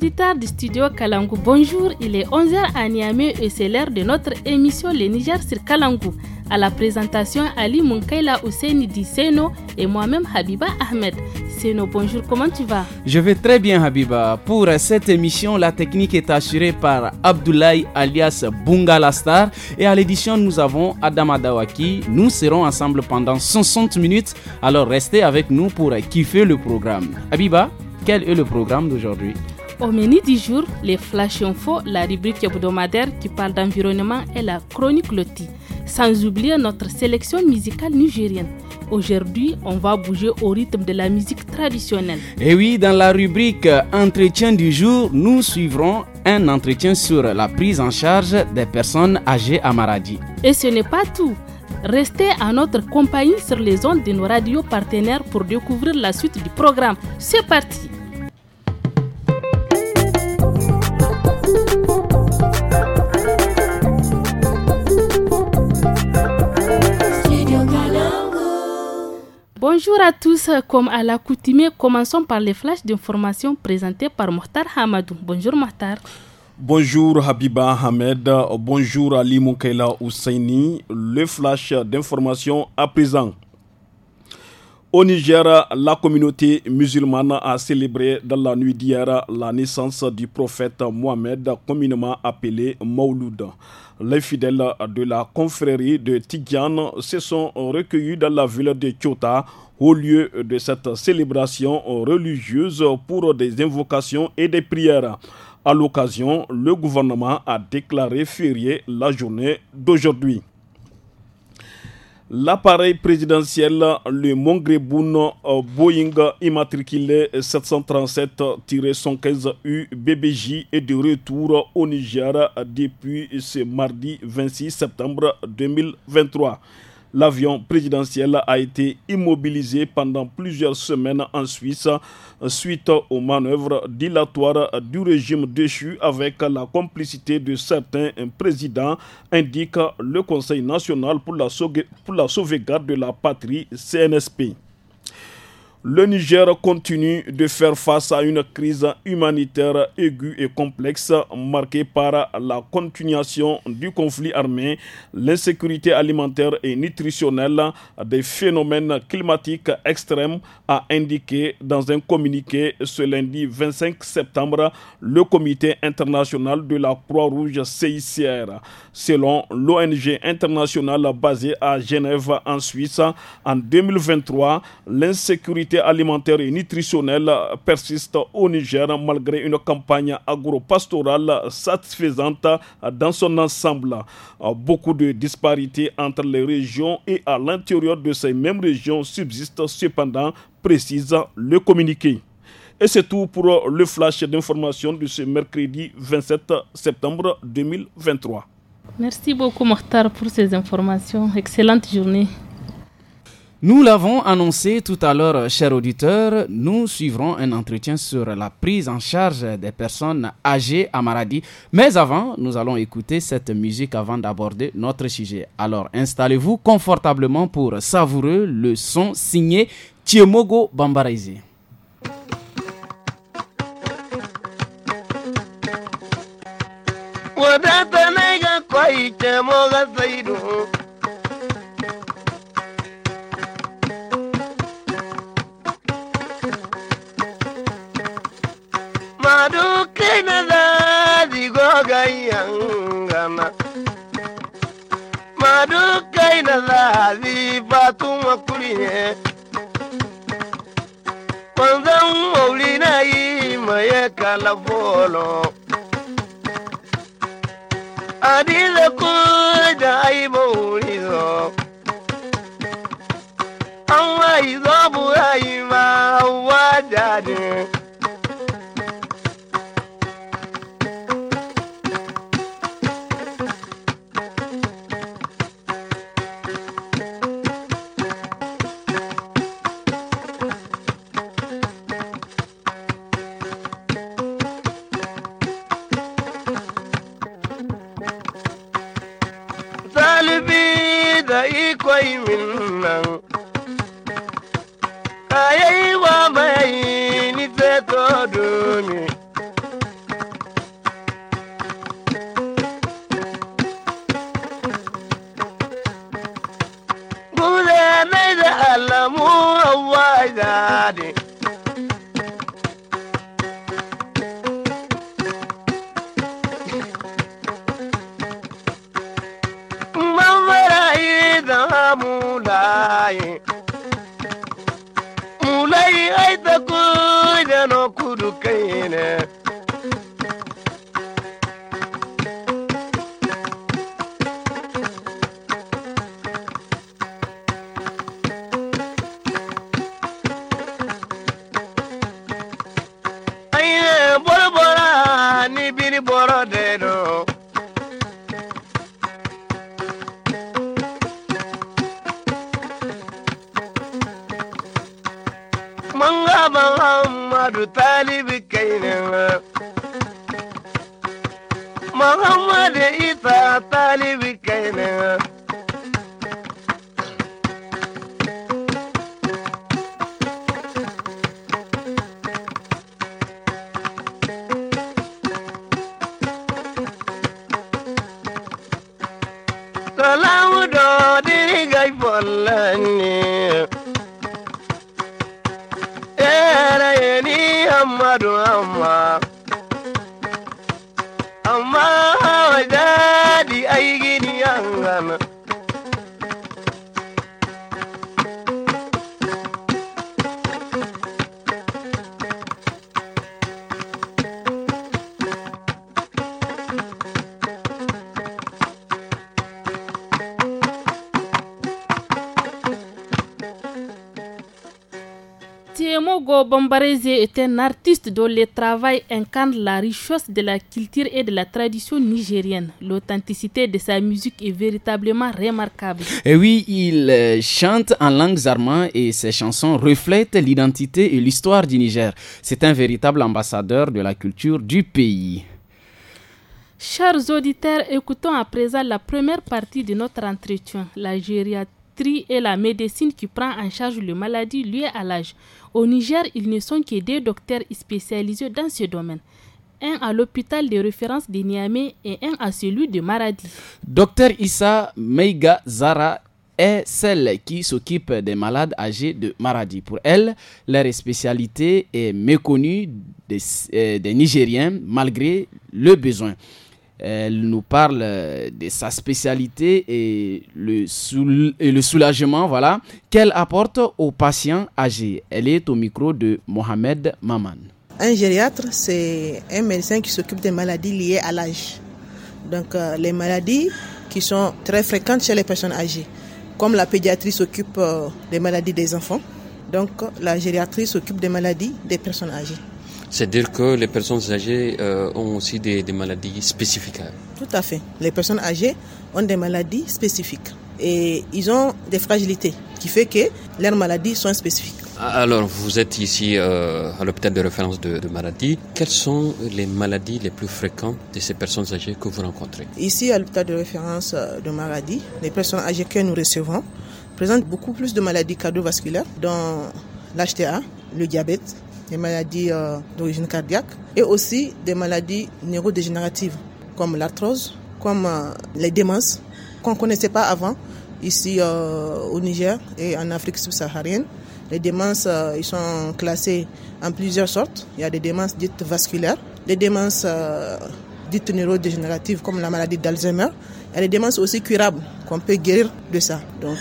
auditeurs du studio Kalangu, bonjour. Il est 11h à Niamey et c'est l'heure de notre émission Le Niger sur Kalangu. À la présentation, Ali Munkaila Ousseini Di Seno et moi-même Habiba Ahmed. Seno, bonjour, comment tu vas Je vais très bien Habiba. Pour cette émission, la technique est assurée par Abdoulaye alias Bunga la star et à l'édition, nous avons Adam Adawaki. Nous serons ensemble pendant 60 minutes, alors restez avec nous pour kiffer le programme. Habiba, quel est le programme d'aujourd'hui au menu du jour, les Flash infos, la rubrique hebdomadaire qui parle d'environnement et la chronique Loti. Sans oublier notre sélection musicale nigérienne. Aujourd'hui, on va bouger au rythme de la musique traditionnelle. Et eh oui, dans la rubrique euh, Entretien du jour, nous suivrons un entretien sur la prise en charge des personnes âgées à Maradi. Et ce n'est pas tout. Restez à notre compagnie sur les ondes de nos radios partenaires pour découvrir la suite du programme. C'est parti! Bonjour à tous, comme à l'accoutumée, commençons par les flashs d'information présentés par Mokhtar Hamadou. Bonjour Mokhtar. Bonjour Habiba Ahmed, bonjour Ali Moukela Ousseini. Les flash d'information à présent. Au Niger, la communauté musulmane a célébré dans la nuit d'hier la naissance du prophète Mohamed, communément appelé Mauloud. Les fidèles de la confrérie de Tidiane se sont recueillis dans la ville de Tchota au lieu de cette célébration religieuse pour des invocations et des prières. À l'occasion, le gouvernement a déclaré férié la journée d'aujourd'hui. L'appareil présidentiel, le Mongrebun euh, Boeing immatriculé 737-115U BBJ est de retour au Niger depuis ce mardi 26 septembre 2023. L'avion présidentiel a été immobilisé pendant plusieurs semaines en Suisse euh, suite aux manœuvres dilatoires du régime déchu avec la complicité de certains présidents, indique le Conseil national pour la, sauvegarde de la patrie CNSP le Niger continue de faire face à une crise humanitaire aiguë et complexe marquée par la continuation du conflit armé, l'insécurité alimentaire et nutritionnelle, des phénomènes climatiques extrêmes, a indiqué dans un communiqué ce lundi 25 septembre le Comité international de la Croix-Rouge CICR. Selon l'ONG internationale basée à Genève en Suisse, en 2023, l'insécurité alimentaire et nutritionnelle persiste au Niger malgré une campagne agro satisfaisante dans son ensemble. Beaucoup de disparités entre les régions et à l'intérieur de ces mêmes régions subsistent cependant, précise le communiqué. Et c'est tout pour le flash d'information de ce mercredi 27 septembre 2023. Merci beaucoup Mokhtar pour ces informations. Excellente journée. Nous l'avons annoncé tout à l'heure, chers auditeurs, nous suivrons un entretien sur la prise en charge des personnes âgées à Maradi. Mais avant, nous allons écouter cette musique avant d'aborder notre sujet. Alors installez-vous confortablement pour savoureux le son signé Tiemogo Bambaraisi. dukaina zahabi tuma kuline kwanzan maulina yi maye kala folo adiza kuda ai maulizo an wa izo bu ai ma wa koyi min nan. Ayayi wa mayi ni te to dumi. Mule mai da alamu hawa mulay ay dakoydano kudukayne est un artiste dont le travail incarne la richesse de la culture et de la tradition nigérienne. L'authenticité de sa musique est véritablement remarquable. Et eh oui, il euh, chante en langue zarma et ses chansons reflètent l'identité et l'histoire du Niger. C'est un véritable ambassadeur de la culture du pays. Chers auditeurs, écoutons à présent la première partie de notre entretien, la gériatrie et la médecine qui prend en charge les maladies liées à l'âge. Au Niger, ils ne sont que deux docteurs spécialisés dans ce domaine un à l'hôpital de référence de Niamey et un à celui de Maradi. Docteur Issa Meiga Zara est celle qui s'occupe des malades âgés de Maradi. Pour elle, leur spécialité est méconnue des euh, Nigériens malgré le besoin. Elle nous parle euh, de sa spécialité et le, et le soulagement voilà, qu'elle apporte aux patients âgés. Elle est au micro de Mohamed Maman. Un gériatre, c'est un médecin qui s'occupe des maladies liées à l'âge. Donc euh, les maladies qui sont très fréquentes chez les personnes âgées, comme la pédiatrie s'occupe euh, des maladies des enfants. Donc la gériatrie s'occupe des maladies des personnes âgées. C'est-à-dire que les personnes âgées euh, ont aussi des, maladies spécifiques. Tout à fait. Les personnes âgées ont des maladies spécifiques et ils ont des fragilités qui fait que leurs maladies sont spécifiques. Ah, alors, vous êtes ici euh, à l'hôpital de référence de, de maladies. Quelles sont les maladies les plus fréquentes de ces personnes âgées que vous rencontrez Ici, à l'hôpital de référence euh, de maladies, les personnes âgées que nous recevons présentent beaucoup plus de maladies cardiovasculaires, dont l'HTA, le diabète, des maladies euh, d'origine cardiaque et aussi des maladies neurodégénératives comme l'arthrose, comme euh, les démences qu'on ne connaissait pas avant ici euh, au Niger et en Afrique subsaharienne. Les démences, ils sont classés en plusieurs sortes. Il y a des démences dites vasculaires, des démences dites neurodégénératives comme la maladie d'Alzheimer. Il y a des démences aussi curables qu'on peut guérir de ça. Donc,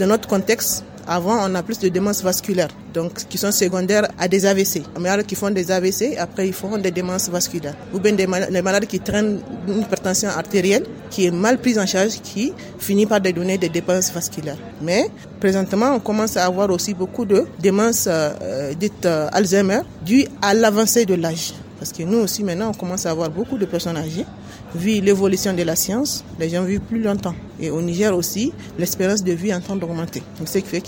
dans notre contexte, avant, on a plus de démences vasculaires, donc qui sont secondaires à des AVC. Mais malades qui font des AVC, après ils font des démences vasculaires. Ou bien des malades, qui traînent une hypertension artérielle qui est mal prise en charge, qui finit par donner des dépenses vasculaires. Mais présentement, on commence à avoir aussi beaucoup de démences euh, euh dites euh, Alzheimer dues à l'avancée de l'âge. Parce que nous aussi, maintenant, on commence à avoir beaucoup de personnes âgées vu l'évolution de la science, les gens vivent plus longtemps. Et au Niger aussi, l'espérance de vie est en train d'augmenter. Donc, ce qui fait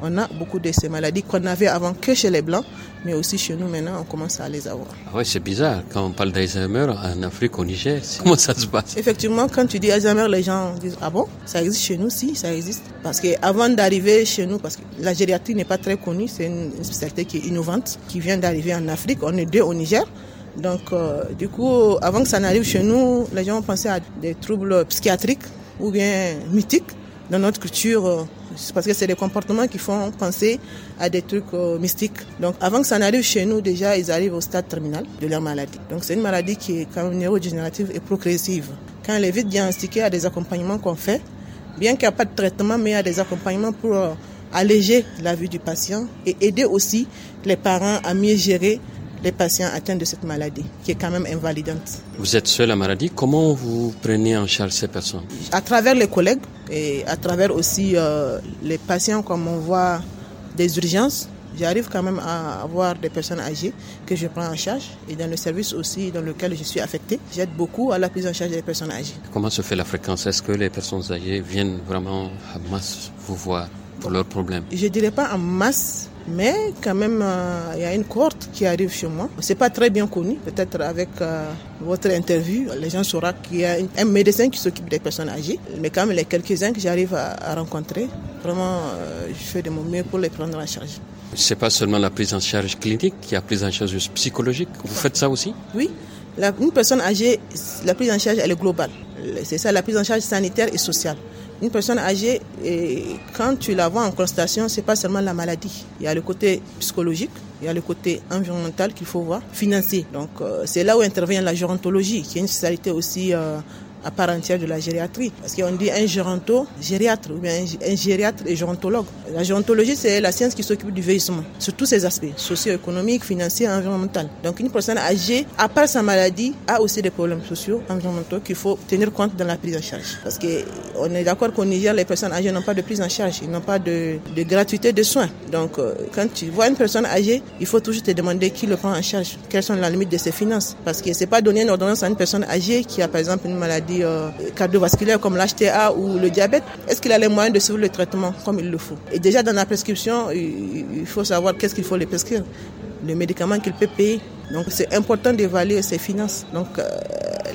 qu'on a beaucoup de ces maladies qu'on avait avant que chez les Blancs, mais aussi chez nous maintenant, on commence à les avoir. Ah oui, c'est bizarre. Quand on parle d'Alzheimer en Afrique, au Niger, comment ça se passe Effectivement, quand tu dis Alzheimer, les gens disent Ah bon Ça existe chez nous Si, ça existe. Parce qu'avant d'arriver chez nous, parce que la gériatrie n'est pas très connue, c'est une spécialité qui est innovante, qui vient d'arriver en Afrique. On est deux au Niger. Donc, euh, du coup, avant que ça n'arrive chez nous, les gens pensaient à des troubles psychiatriques ou bien mythiques dans notre culture. Euh, parce que c'est des comportements qui font penser à des trucs euh, mystiques. Donc avant que ça n'arrive chez nous, déjà, ils arrivent au stade terminal de leur maladie. Donc c'est une maladie qui est quand même neurodégénérative et progressive. Quand elle est vite diagnostiquée, il y a des accompagnements qu'on fait. Bien qu'il n'y a pas de traitement, mais il y a des accompagnements pour alléger la vie du patient et aider aussi les parents à mieux gérer les patients atteints de cette maladie, qui est quand même invalidante. Vous êtes seul à maladie, comment vous prenez en charge ces personnes À travers les collègues et à travers aussi euh, les patients, comme on voit des urgences, j'arrive quand même à avoir des personnes âgées que je prends en charge et dans le service aussi dans lequel je suis affectée, j'aide beaucoup à la prise en charge des personnes âgées. Comment se fait la fréquence Est-ce que les personnes âgées viennent vraiment en masse vous voir pour leurs problèmes Je dirais pas en masse, mais quand même, euh, il y a une cohorte qui arrive chez moi. C'est pas très bien connu. Peut-être avec euh, votre interview, les gens sauront qu'il y a un médecin qui s'occupe des personnes âgées. Mais quand même, les quelques-uns que j'arrive à, rencontrer, vraiment, euh, je fais de mon mieux pour les prendre en charge. C'est pas seulement la prise en charge clinique, il y a prise en charge psychologique. Vous faites ça aussi Oui. une personne âgée, la prise en charge, elle est globale. C'est ça, la prise en charge sanitaire et sociale une personne âgée, quand tu la vois en constatation, c'est pas seulement la maladie. Il y a le côté psychologique, il y a le côté environnemental qu'il faut voir, financier. Donc, euh, c'est là où intervient la gérontologie, qui est une spécialité aussi euh, à part entière de la gériatrie. Parce qu'on dit un géranto, gériatre, ou bien un gériatre et gérontologue. La gérontologie, c'est la science qui s'occupe du vieillissement, sur tous ses aspects, socio-économiques, financiers, environnementaux. Donc une personne âgée, à part sa maladie, a aussi des problèmes sociaux, environnementaux qu'il faut tenir compte dans la prise en charge. Parce qu'on est d'accord qu'au Niger, les personnes âgées n'ont pas de prise en charge, ils n'ont pas de, gratuité de soins. Donc euh, quand tu vois une personne âgée, il faut toujours te demander qui le prend en charge, quelles sont les limites de ses finances. Parce que ce n'est pas donner une ordonnance à une personne âgée qui a par exemple une maladie euh, cardiovasculaires comme l'HTA ou le diabète, est-ce qu'il a les moyens de suivre le traitement comme il le faut Et déjà dans la prescription, il faut savoir qu'est-ce qu'il faut les prescrire, le médicament qu'il peut payer. Donc c'est important d'évaluer ses finances. Donc euh,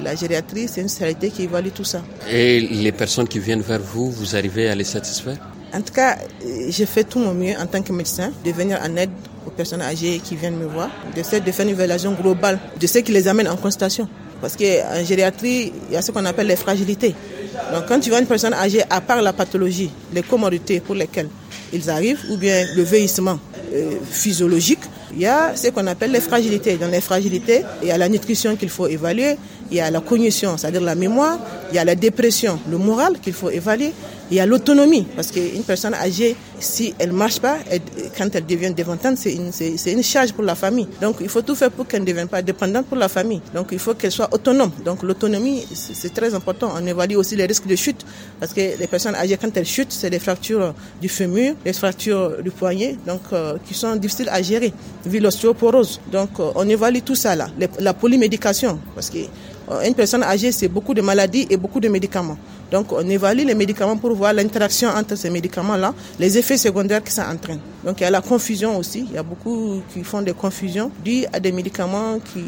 la gériatrie, c'est une société qui évalue tout ça. Et les personnes qui viennent vers vous, vous arrivez à les satisfaire En tout cas, j'ai fait tout mon mieux en tant que médecin de venir en aide aux personnes âgées qui viennent me voir, de, de faire une évaluation globale de ce qui les amène en consultation. Parce qu'en gériatrie, il y a ce qu'on appelle les fragilités. Donc quand tu vois une personne âgée, à part la pathologie, les commodités pour lesquelles ils arrivent, ou bien le vieillissement euh, physiologique, il y a ce qu'on appelle les fragilités. Dans les fragilités, il y a la nutrition qu'il faut évaluer, il y a la cognition, c'est-à-dire la mémoire, il y a la dépression, le moral qu'il faut évaluer, il y a l'autonomie, parce qu'une personne âgée, si elle marche pas, quand elle devient dépendante, c'est une, charge pour la famille. Donc il faut tout faire pour qu'elle ne devienne pas dépendante pour la famille. Donc il faut qu'elle soit autonome. Donc l'autonomie, c'est très important. On évalue aussi les risques de chute, parce que les personnes âgées, quand elles chutent, c'est des fractures du fémur, des fractures du poignet, donc euh, qui sont difficiles à gérer, vu l'ostéoporose. Donc euh, on évalue tout ça là. la polymédication, parce que euh, une personne âgée, c'est beaucoup de maladies et beaucoup de médicaments. Donc on évalue les médicaments pour voir l'interaction entre ces médicaments-là, les effets secondaires que ça entraîne. Donc il y a la confusion aussi, il y a beaucoup qui font des confusions dues à des médicaments qui,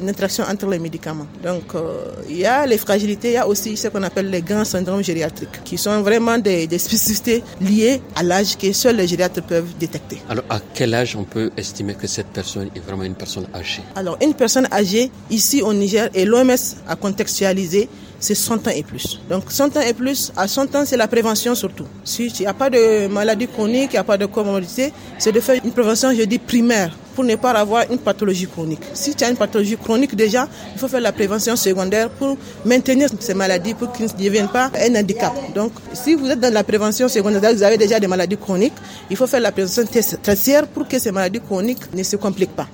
une interaction entre les médicaments. Donc euh, il y a les fragilités, il y a aussi ce qu'on appelle les grands syndromes gériatriques, qui sont vraiment des, des spécificités liées à l'âge que seuls les gériatres peuvent détecter. Alors à quel âge on peut estimer que cette personne est vraiment une personne âgée Alors une personne âgée ici au Niger et l'OMS a contextualisé c'est 100 ans et plus. Donc 100 ans et plus, à 100 ans, c'est la prévention surtout. S'il si n'y a pas de maladie chronique, il n'y a pas de comorbidité, c'est de faire une prévention, je dis primaire, pour ne pas avoir une pathologie chronique. Si tu as une pathologie chronique déjà, il faut faire la prévention secondaire pour maintenir ces maladies, pour qu'ils ne deviennent pas un handicap. Donc, si vous êtes dans la prévention secondaire, vous avez déjà des maladies chroniques, il faut faire la prévention tertiaire pour que ces maladies chroniques ne se compliquent pas.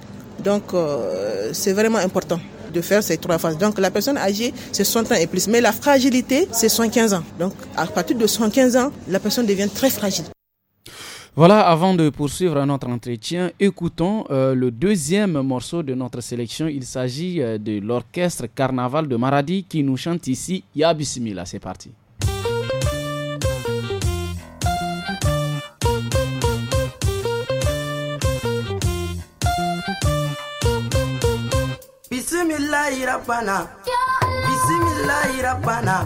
Donc, euh, c'est vraiment important de faire ces trois phases. Donc la personne âgée, c'est 60 ans et plus. Mais la fragilité, c'est 115 ans. Donc à partir de 115 ans, la personne devient très fragile. Voilà, avant de poursuivre notre entretien, écoutons euh, le deuxième morceau de notre sélection. Il s'agit euh, de l'orchestre Carnaval de Maradi qui nous chante ici Ya C'est parti. Rabbana Bismillahi Rabbana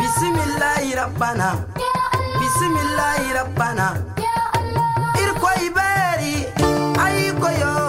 Bismillahi Rabbana Bismillahi Rabbana Irko iberi Aiko yo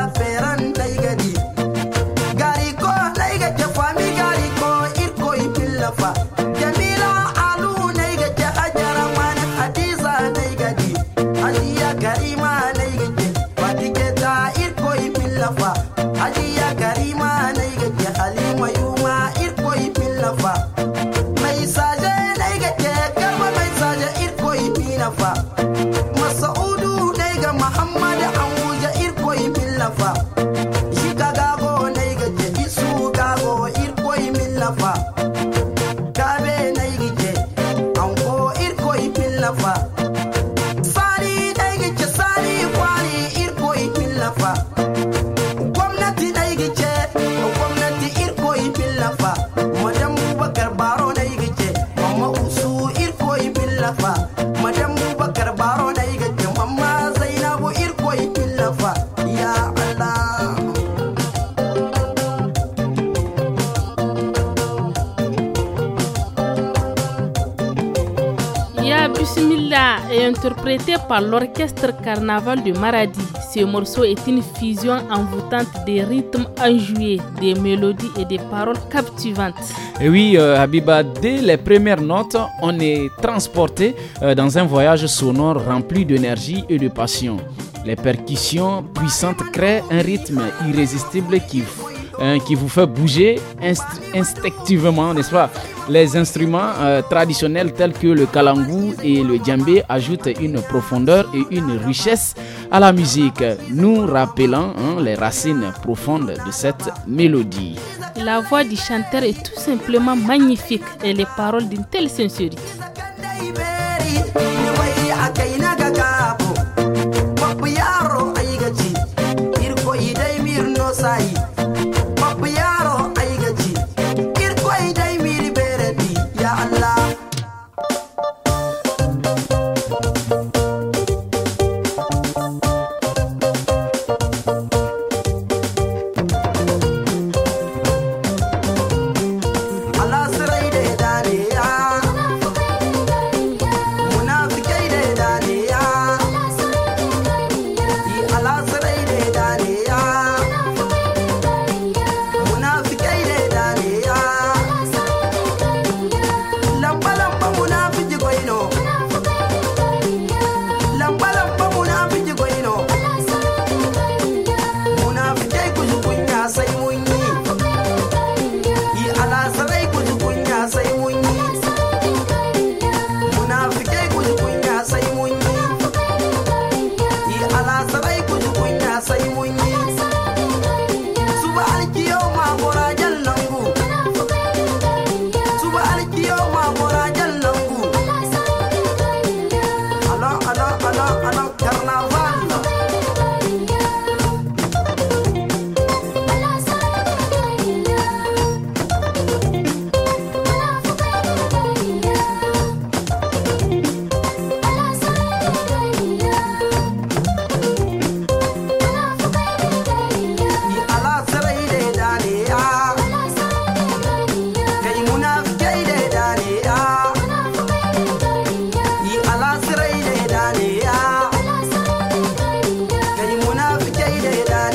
esperanza. l'orchestre Carnaval de Maradi. Ce morceau est une fusion envoûtante des rythmes enjoués, des mélodies et des paroles captivantes. Et eh oui, euh, Habiba, dès les premières notes, on est transporté euh, dans un voyage sonore rempli d'énergie et de passion. Les percussions puissantes créent un rythme irrésistible qui Hein, qui vous fait bouger instinctivement, n'est-ce pas Les instruments euh, traditionnels tels que le kalangu et le djembé ajoutent une profondeur et une richesse à la musique, nous rappelant hein, les racines profondes de cette mélodie. La voix du chanteur est tout simplement magnifique et les paroles d'une telle sincérité.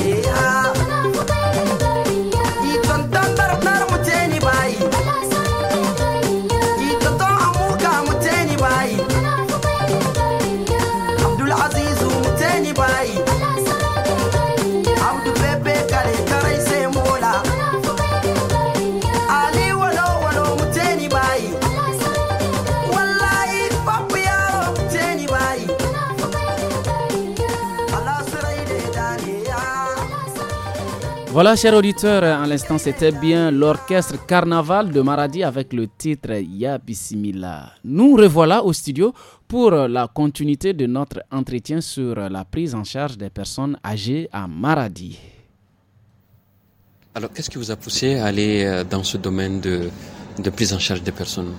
yeah. Voilà, chers auditeurs, à l'instant, c'était bien l'orchestre Carnaval de Maradi avec le titre Yabissimila ». Nous revoilà au studio pour la continuité de notre entretien sur la prise en charge des personnes âgées à Maradi. Alors, qu'est-ce qui vous a poussé à aller euh, dans ce domaine de, prise en charge des personnes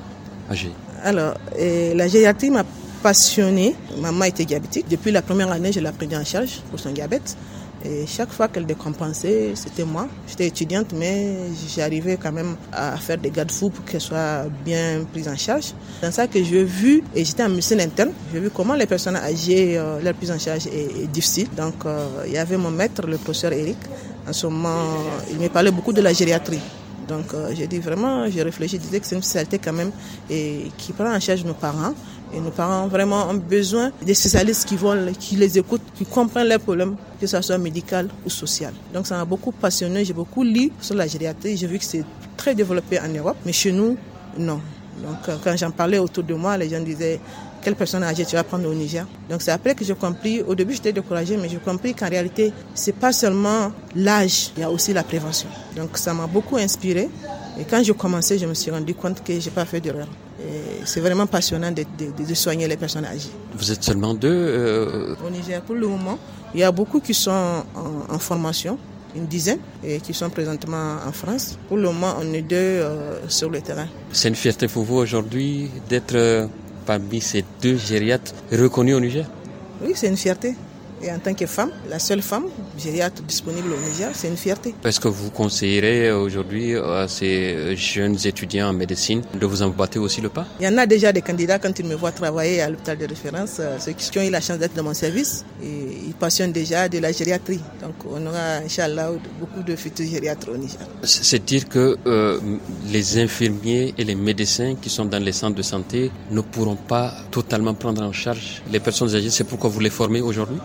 âgées Alors, la gériatrie m'a passionnée. Maman était diabétique. Depuis la première année, je l'ai prise en charge pour son diabète. Et chaque fois qu'elle décompensait, c'était moi. J'étais étudiante, mais j'arrivais quand même à faire des garde-fous pour qu'elle soit bien prise en charge. Dans ça que j'ai vu, et j'étais en médecine interne, j'ai vu comment les personnes âgées, euh, leur prise en charge est, difficile. Donc, euh, il y avait mon maître, le professeur Eric. En ce moment, il me parlait beaucoup de la gériatrie. Donc, euh, j'ai dit vraiment, j'ai réfléchi, je disais que c'est une société quand même et qui prend en charge nos parents. Et nos parents vraiment ont besoin des spécialistes qui vont, qui les écoutent, qui comprennent leurs problèmes, que ce soit médical ou social. Donc ça m'a beaucoup passionné, j'ai beaucoup lu sur la gériatrie, j'ai vu que c'est très développé en Europe, mais chez nous, non. Donc euh, quand j'en parlais autour de moi, les gens disaient quelle personne âgée tu vas prendre au Niger. Donc c'est après que j'ai compris, au début j'étais découragée, mais j'ai compris qu'en réalité, c'est pas seulement l'âge, il y a aussi la prévention. Donc ça m'a beaucoup inspirée. Et quand je commençais, je me suis rendu compte que je n'ai pas fait d'erreur. C'est vraiment passionnant de, soigner les personnes âgées. Vous êtes seulement deux euh, Au Niger, pour le moment, il y a beaucoup qui sont en, formation une dizaine et qui sont présentement en France. Pour le moment, on est deux euh, sur le terrain. C'est une fierté pour vous aujourd'hui d'être euh, parmi ces deux gériates reconnus au Niger Oui, c'est une fierté. Et en tant que femme, la seule femme gériatre disponible au Niger, c'est une fierté. Est-ce que vous conseillerez aujourd'hui à ces jeunes étudiants en médecine de vous emboîter aussi le pas Il y en a déjà des candidats quand ils me voient travailler à l'hôpital de référence, euh, ceux qui ont eu la chance d'être dans mon service, ils passionnent déjà de la gériatrie. Donc on aura, Inch'Allah, beaucoup de futurs gériatres au Niger. C'est dire que euh, les infirmiers et les médecins qui sont dans les centres de santé ne pourront pas totalement prendre en charge les personnes âgées. C'est pourquoi vous les formez aujourd'hui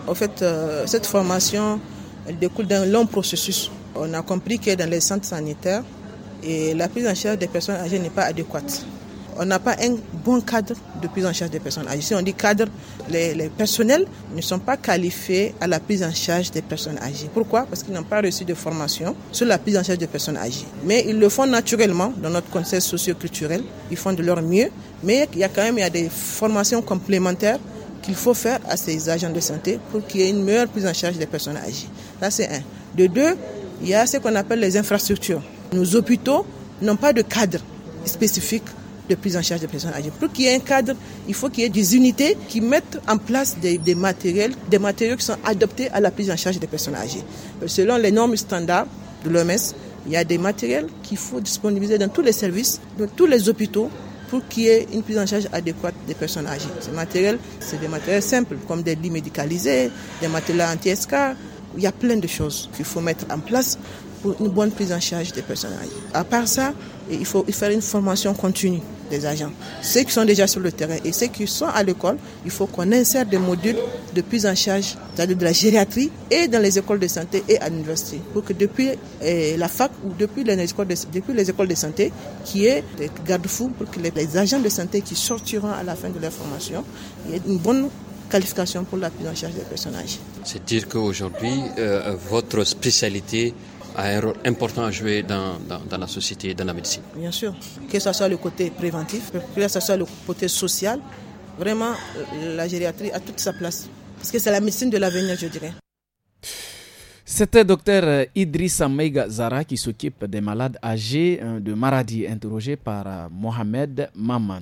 euh, cette formation elle découle d'un long processus. On a compris que dans les centres sanitaires, et la prise en charge des personnes âgées n'est pas adéquate. On n'a pas un bon cadre de prise en charge des personnes âgées. Si on dit cadre, les, personnels ne sont pas qualifiés à la prise en charge des personnes âgées. Pourquoi Parce qu'ils n'ont pas reçu de formation sur la prise en charge des personnes âgées. Mais ils le font naturellement dans notre conseil socio-culturel. Ils font de leur mieux. Mais il y a quand même il des formations complémentaires qu'il faut faire à ces agents de santé pour qu'il y ait une meilleure prise en charge des personnes âgées. Ça, c'est un. De deux, il y a ce qu'on appelle les infrastructures. Nos hôpitaux n'ont pas de cadre spécifique de prise en charge des personnes âgées. Pour qu'il y ait un cadre, il faut qu'il y ait des unités qui mettent en place des, matériels, des matériaux qui sont adaptés à la prise en charge des personnes âgées. Selon les normes standards de l'OMS, il y a des matériels qu'il faut disponibiliser dans tous les services, dans tous les hôpitaux, pour qu'il y ait une prise en charge adéquate des personnes âgées. Ces matériel, c'est des matériels simples, comme des lits médicalisés, des matelas anti-escar, il y a plein de choses qu'il faut mettre en place pour une bonne prise en charge des personnes âgées. À part ça, il faut faire une formation continue des agents. Ceux qui sont déjà sur le terrain et ceux qui sont à l'école, il faut qu'on insère des modules de prise en charge, cest à de la gériatrie, et dans les écoles de santé et à l'université, pour que depuis eh, la fac ou depuis les écoles de, depuis les écoles de santé, qui est des garde-fous pour que les, agents de santé qui sortiront à la fin de leur formation, il y ait une bonne qualification pour la prise en charge des personnages. C'est dire qu'aujourd'hui, euh, votre spécialité a un rôle important à jouer dans, la société dans la médecine. Bien sûr, que ce soit le côté préventif, que ce soit le côté social, vraiment, euh, la gériatrie a toute sa place. Parce que c'est la médecine de l'avenir, je dirais. C'était docteur Idrissa Meiga Zara qui s'occupe des malades âgés euh, de maladies interrogé par Mohamed Maman.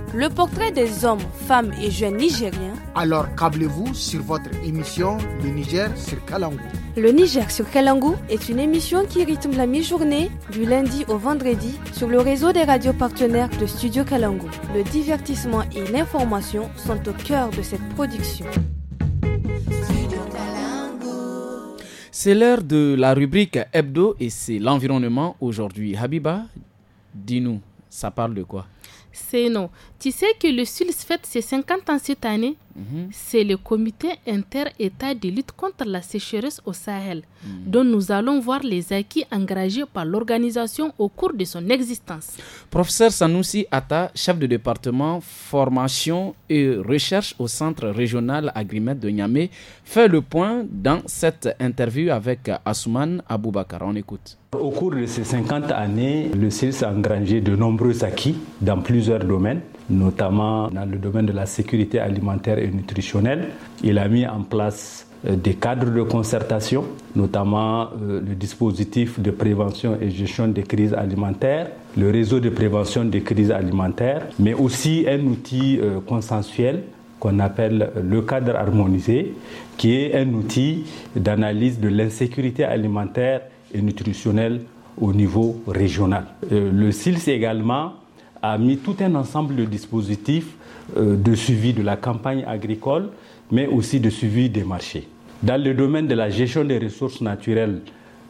le portrait des hommes, femmes et jeunes nigériens. Alors câblez-vous sur votre émission Le Niger sur Kalango Le Niger sur Kalango est une émission qui rythme la mi-journée du lundi au vendredi sur le réseau des radios partenaires de Studio Kalango Le divertissement et l'information sont au cœur de cette production. C'est l'heure de la rubrique hebdo et c'est l'environnement aujourd'hui. Habiba, dis-nous, ça parle de quoi C'est non. Tu sais que le SULS fête ses 50 ans cette année. Mhm. C'est le comité inter-État de lutte contre la sécheresse au Sahel, mhm. dont nous allons voir les acquis engagés par l'organisation au cours de son existence. Professeur Sanoussi Atta, chef de département formation et recherche au Centre régional agrimètre de Niamey, fait le point dans cette interview avec Assouman Aboubakar. On écoute. Au cours de ces 50 années, le SILS a engrangé de nombreux acquis dans plusieurs domaines notamment dans le domaine de la sécurité alimentaire et nutritionnelle. Il a mis en place euh, des cadres de concertation, notamment euh, le dispositif de prévention et gestion des crises alimentaires, le réseau de prévention des crises alimentaires, mais aussi un outil euh, consensuel qu'on appelle le cadre harmonisé, qui est un outil d'analyse de l'insécurité alimentaire et nutritionnelle au niveau régional. Le CILS également a mis tout un ensemble de dispositifs euh, de suivi de la campagne agricole, mais aussi de suivi des marchés. Dans le domaine de la gestion des ressources naturelles,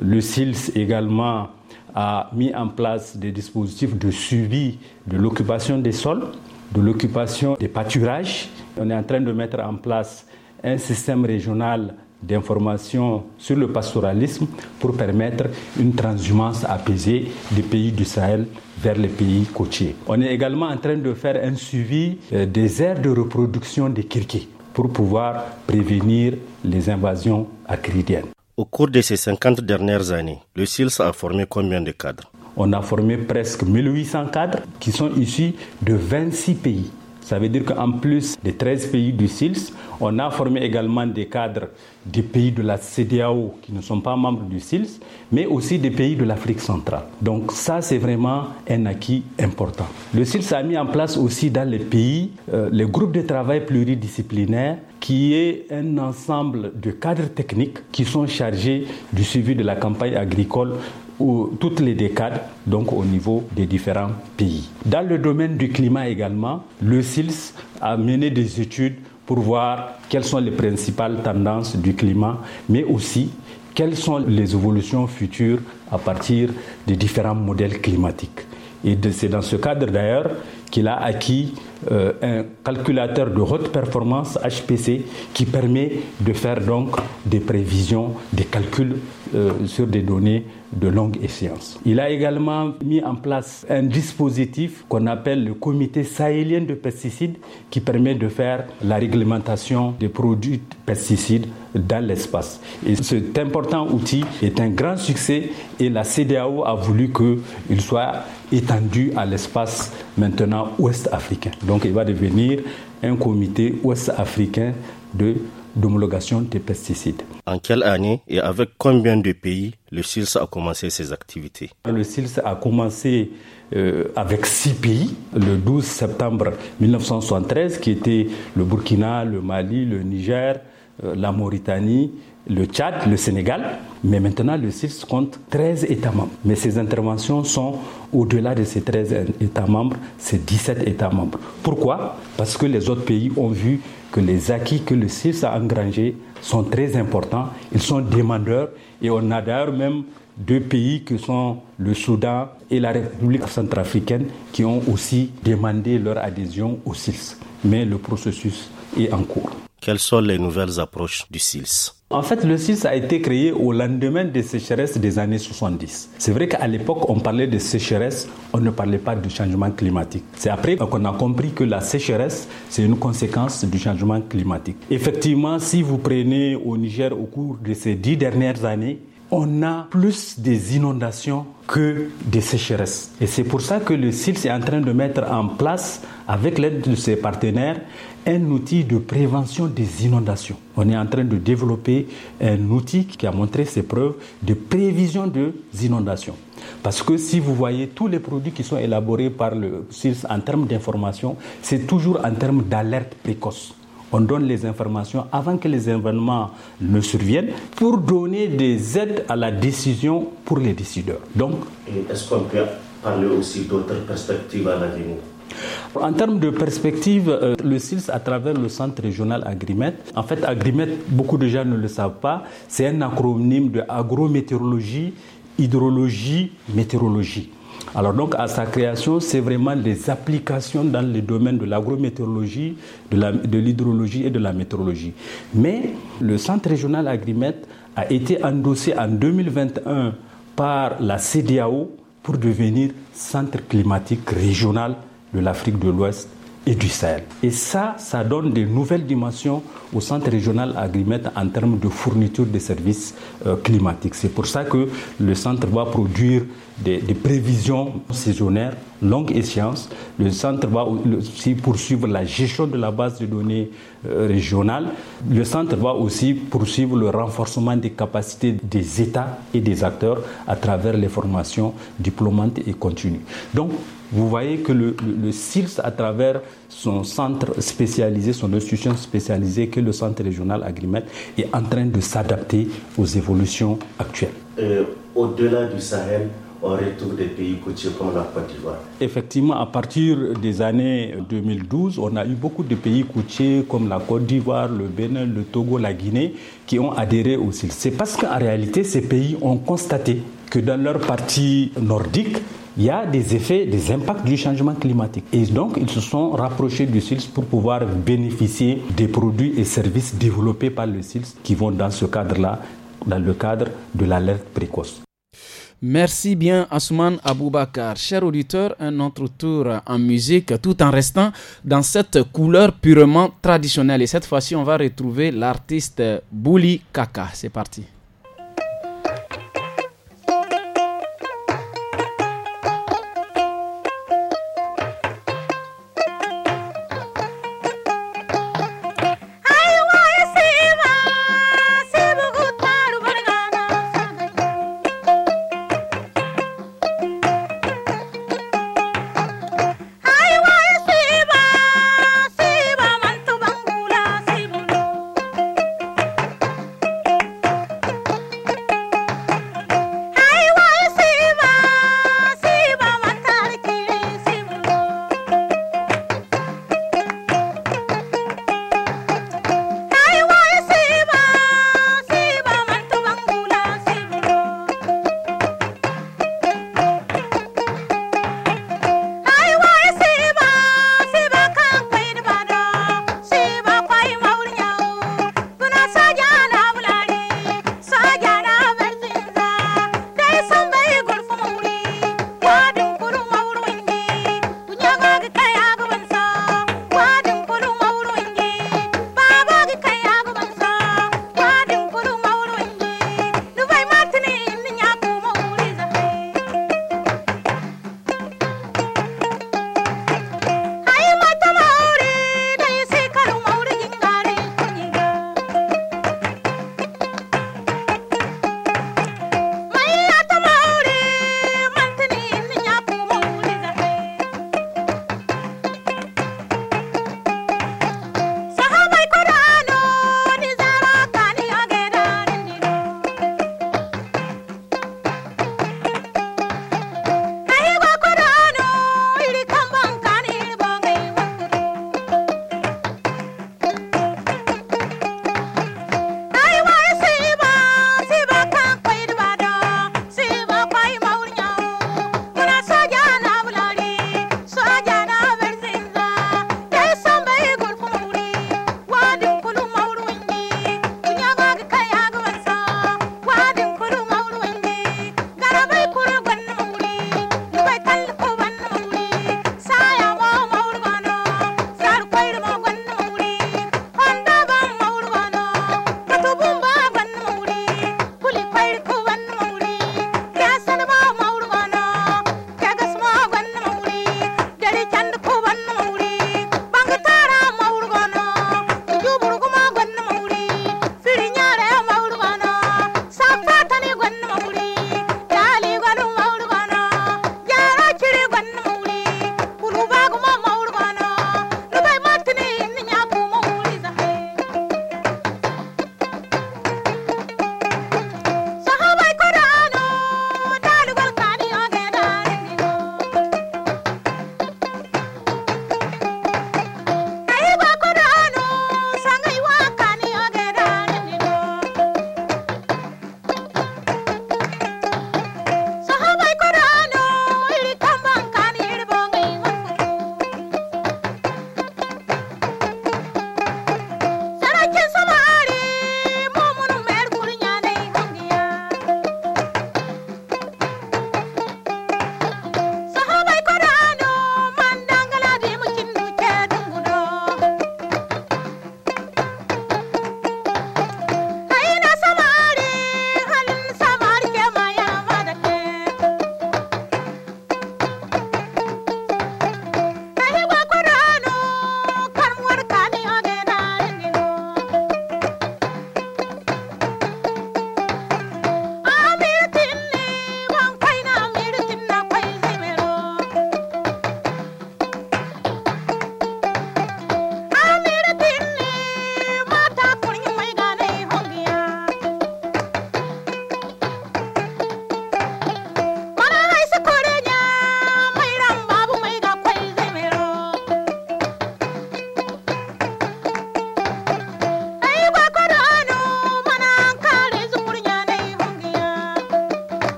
le SILS également a mis en place des dispositifs de suivi de l'occupation des sols, de l'occupation des pâturages. On est en train de mettre en place un système régional d'informations sur le pastoralisme pour permettre une transhumance apaisée des pays du Sahel vers les pays côtiers. On est également en train de faire un suivi euh, des aires de reproduction des kirkés pour pouvoir prévenir les invasions acridiennes. Au cours de ces 50 dernières années, le SILS a formé combien de cadres On a formé presque 1800 cadres qui sont issus de 26 pays. Ça veut dire qu'en plus des 13 pays du SILS, on a formé également des cadres des pays de la CDAO qui ne sont pas membres du SILS, mais aussi des pays de l'Afrique centrale. Donc ça, c'est vraiment un acquis important. Le SILS a mis en place aussi dans les pays euh, les groupes de travail pluridisciplinaires qui est un ensemble de cadres techniques qui sont chargés du suivi de la campagne agricole ou toutes les décades, donc au niveau des différents pays. Dans le domaine du climat également, le SILS a mené des études pour voir quelles sont les principales tendances du climat, mais aussi quelles sont les évolutions futures à partir des différents modèles climatiques. Et c'est dans ce cadre d'ailleurs qu'il a acquis euh, un calculateur de haute performance HPC qui permet de faire donc des prévisions, des calculs euh, sur des données de longue échéance. Il a également mis en place un dispositif qu'on appelle le comité sahélien de pesticides qui permet de faire la réglementation des produits pesticides dans l'espace. Et cet important outil est un grand succès et la CDAO a voulu qu'il soit étendu à l'espace maintenant ouest-africain. Donc il va devenir un comité ouest-africain de d'homologation des pesticides. En quelle année et avec combien de pays le SILS a commencé ses activités Le SILS a commencé euh, avec six pays le 12 septembre 1973, qui étaient le Burkina, le Mali, le Niger, euh, la Mauritanie, le Tchad, le Sénégal, mais maintenant le CIRS compte 13 États membres. Mais ces interventions sont au-delà de ces 13 États membres, ces 17 États membres. Pourquoi Parce que les autres pays ont vu que les acquis que le SILS a engrangés sont très importants. Ils sont demandeurs et on a d'ailleurs même deux pays que sont le Soudan et la République centrafricaine qui ont aussi demandé leur adhésion au SILS. Mais le processus est en cours. Quelles sont les nouvelles approches du CILS en fait, le CIS a été créé au lendemain des sécheresses des années 70. C'est vrai qu'à l'époque, on parlait de sécheresse, on ne parlait pas du changement climatique. C'est après qu'on a compris que la sécheresse, c'est une conséquence du changement climatique. Effectivement, si vous prenez au Niger au cours de ces dix dernières années, on a plus des inondations que des sécheresses. Et c'est pour ça que le CILS est en train de mettre en place, avec l'aide de ses partenaires, un outil de prévention des inondations. On est en train de développer un outil qui a montré ses preuves de prévision des inondations. Parce que si vous voyez tous les produits qui sont élaborés par le CILS en termes d'information, c'est toujours en termes d'alerte précoce on donne les informations avant que les événements ne surviennent pour donner des aides à la décision pour les décideurs. Donc, est-ce qu'on peut parler aussi d'autres perspectives à l'avenir en termes de perspective, euh, le SILS à travers le centre régional Agrimet, en fait Agrimet, beaucoup de gens ne le savent pas, c'est un acronyme de agrométéorologie, hydrologie, météorologie. Alors donc à sa création, c'est vraiment des applications dans les domaines de l'agrométéorologie, de l'hydrologie et de la météorologie. Mais le Centre régional Agrimet a été endossé en 2021 par la CDAO pour devenir Centre climatique régional de l'Afrique de l'Ouest et du Sahel. Et ça, ça donne de nouvelles dimensions au Centre régional Agrimet en termes de fourniture de services euh, climatiques. C'est pour ça que le centre va produire des, prévisions saisonnières, longue échéance. Le centre va aussi poursuivre la gestion de la base de données euh, régionale. Le centre va aussi poursuivre le renforcement des capacités des États et des acteurs à travers les formations diplômantes et continues. Donc, vous voyez que le, CIRS, à travers son centre spécialisé, son institution spécialisée, que le centre régional Agrimet, est en train de s'adapter aux évolutions actuelles. Euh, au-delà du Sahel, on retrouve des pays côtiers comme la Côte d'Ivoire. Effectivement, à partir des années 2012, on a eu beaucoup de pays côtiers comme la Côte d'Ivoire, le Bénin, le Togo, la Guinée qui ont adhéré au CIRS. C'est parce qu'en réalité, ces pays ont constaté que dans leur partie nordique, il y a des effets, des impacts du changement climatique. Et donc, ils se sont rapprochés du SILS pour pouvoir bénéficier des produits et services développés par le SILS qui vont dans ce cadre-là, dans le cadre de l'alerte précoce. Merci bien Asman Aboubakar. cher auditeur, un autre tour en musique tout en restant dans cette couleur purement traditionnelle. Et cette fois-ci, on va retrouver l'artiste Bouli Kaka. C'est parti.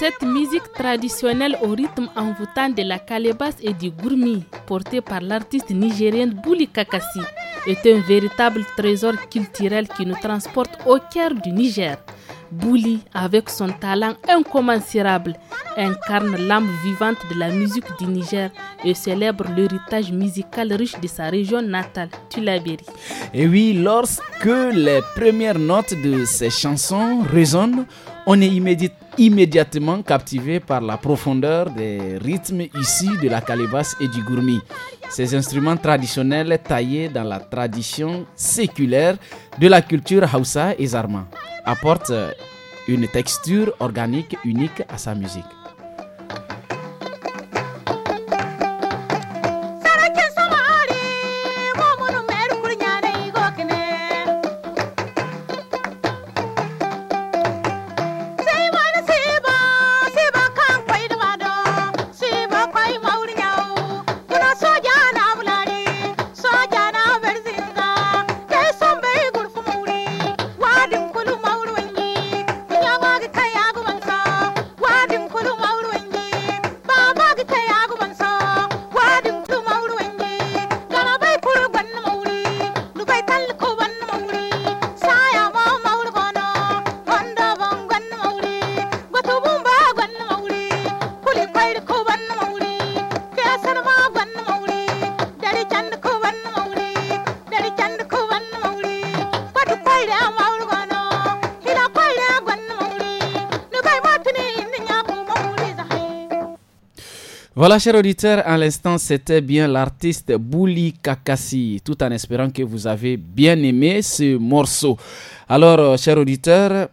Cette musique traditionnelle au rythme envoûtant de la calebasse et du gourmi, portée par l'artiste nigérienne Bouli Kakasi, est un véritable trésor culturel qui nous transporte au cœur du Niger. Bouli, avec son talent incommensurable, incarne l'âme vivante de la musique du Niger et célèbre l'héritage musical riche de sa région natale, Tulabéri. Et oui, lorsque les premières notes de ses chansons résonnent, on est immédiatement immédiatement captivé par la profondeur des rythmes ici de la calebasse et du gourmi. Ces instruments traditionnels taillés dans la tradition séculaire de la culture Hausa et Zarma apportent une texture organique unique à sa musique. chers auditeurs, à l'instant, c'était bien l'artiste Bouli Kakasi, tout en espérant que vous avez bien aimé ce morceau. Alors, euh, chers auditeurs,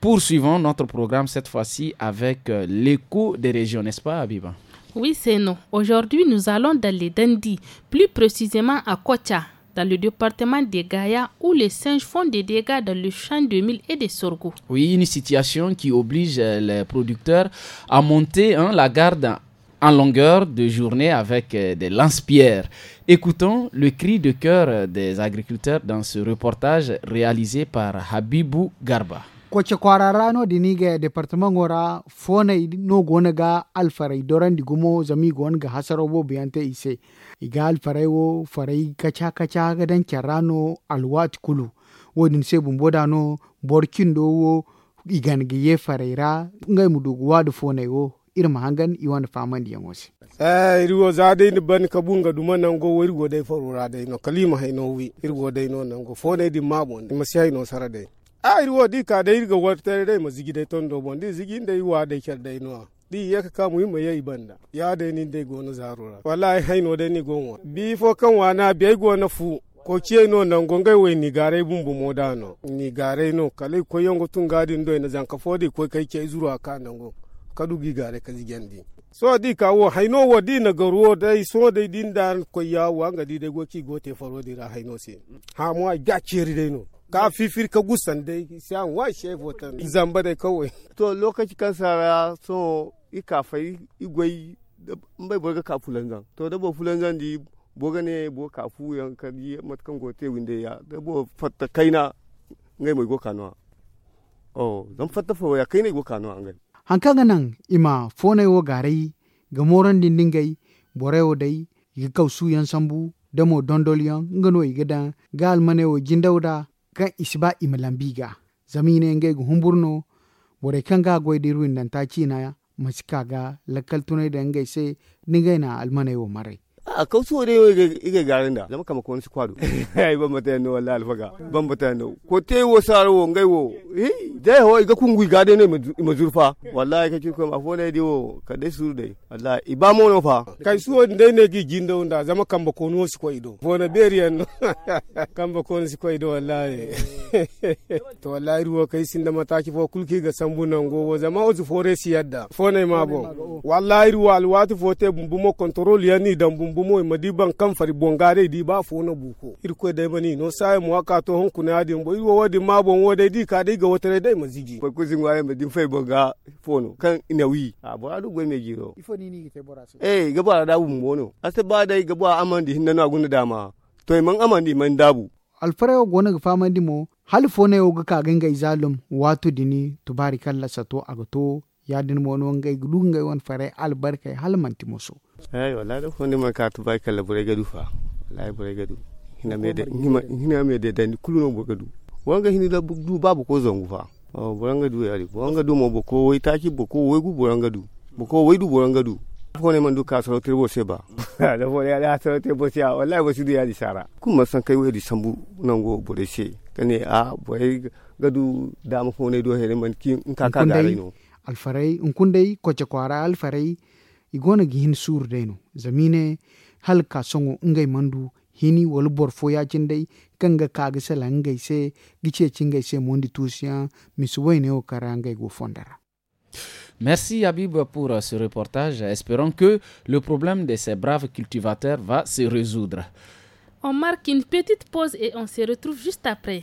poursuivons notre programme cette fois-ci avec euh, l'écho des régions, n'est-ce pas, Abiba Oui, c'est nous. Aujourd'hui, nous allons dans les Dendi, plus précisément à Kocha, dans le département des Gaïa où les singes font des dégâts dans le champ de mil et des sorgho. Oui, une situation qui oblige euh, les producteurs à monter hein, la garde en longueur de journée avec euh, des lance-pierres. Écoutons le cri de cœur des agriculteurs dans ce reportage réalisé par Habibou Garba. kwace kwararano di niga departement ora fona no gona ga alfarai doran di gumo zami gon ga hasaro bo biyante ise iga alfarai wo farai kacha kacha ga dan kyarano alwat kulu wodin se bumbo dano borkin do wo igan ga ye faraira ngai wo irin mahangan iwan faman yan wasi eh irwo za dai ni ban ka bunga duma nan go wori go dai farora dai no kalima hay no wi irwo dai no nan go fone di mabon ma hay no sara dai a ah, irwo di ka dai ga yi ma zigi dai tondo bon di zigi dai wa dai kyar dai no di ya ka yi ma ya da. ya dai ni dai go no zarura wallahi hay no dai ni wa. bi fo kan wana bi go na fu ko ciye no nan gongai wai ni gare bumbu modano ni gare no kale ko yongo tun gadin do na zanka fodi ko kai ke zuru ka nan go kadugi gare kazi gendi so di ka wo haino wo di na garuwo dai so dai din da ko ya ga di dai goki gote faro di ra haino se ha mu a ceri dai no ka fifir ka gusan dai sai an wa she votan zamba dai kawai to lokaci kan sara so i ka fai i goyi mbai boga ka fulan zan to da bo fulan zan di boga ne bo kafu yan kadi matkan gote winde ya da bo fatta kaina ngai mai go kanwa oh zan fatta fa ya kaina go kanuwa ngai hankaga nan ima fone wo garai ga moran dindingai bore wo dai ga kausu yan sambu damo dondol yan ngano gada ga almane wo jindawda ga isba imlambiga zamine ngai ga humburno bore kanga goi dirwin nan ta na ya masika ga lakal tunai da ngai sai ningai na almane wo marai a kausu da yau iga garin da zama kama kone su kwado ai ban mata yano wallahi alfaga ban mata yano ko te wo saro wo ngai wo eh dai ho iga kungui ga dai ne mazurfa wallahi kake ko ma ne dai wo ka dai suru dai wallahi iba mo no fa kai su dai ne gi gindo wanda zama kamba kono su ko ido fone beriyan no kamba kono su ko ido wallahi to wallahi ruwa kai sin da ki fo kulki ga sambu nan go zama ozu fore siyadda ne ma bo wallahi ruwa alwatu te bumbu mo control yani dan bumbu moy madi ban kan fari bongare di ba fo na buko ir ko dai bani no sai mu aka to hon kuna adin bo iwo wadi ma bon wode di ka dai ga wotare dai mazigi ko kuzin waye madi fai bonga no kan ina wi a bo adu gwe meji ro ifo ni ni te bora so eh, ga bo da wun mono asa ba dai ga bo amandi hinna na gunda dama to man amandi man dabu alfarayo gona ga famandi mo hal fo ne o ga ka ganga izalum wato dini tubari kalla sato agato yadin mo mono ngai gudu ngai won fare albarkai hal mantimo so ayiwa eh, wallahi da ko ni man ka kala bure gadu fa lay bure gadu hina me da hina me da dan kuluno bo gadu wanga hinila bu du babu ko zongu fa o oh, buranga du yari buranga du mo bo ko wai taki bo ko wai gu buranga du bo ko wai du buranga du ko ne man du ka so tribo se ba da bo ya da so tribo se wallahi bo su du yali sara kuma san kai wai di sambu nango bo bure se kane a ah, boy gadu da mo ne do hele man ki in ka ka da alfarai in kun ko kwara alfarai igona gi hin sur deno zamine halka songo ngai mandu hini wal bor fo ya kanga kaga sala ngai se gice cin se mondi tusian misuwai ne o kara go fondara Merci Habib pour ce reportage. Espérons que le problème de ces braves cultivateurs va se résoudre. On marque une petite pause et on se retrouve juste après.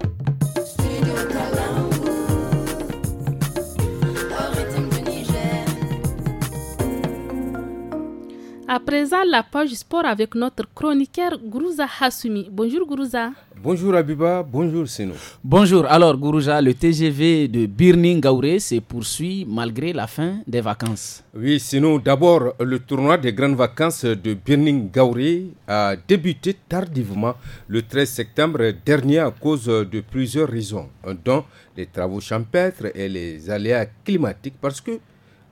À présent, la page sport avec notre chroniqueur Gourouza Hassoumi. Bonjour Guruza. Bonjour Abiba, bonjour Sinou. Bonjour, alors Gourouza, le TGV de Birning Gauré se poursuit malgré la fin des vacances. Oui Sinou. d'abord, le tournoi des grandes vacances de Birning Gauré a débuté tardivement le 13 septembre dernier à cause de plusieurs raisons, dont les travaux champêtres et les aléas climatiques parce que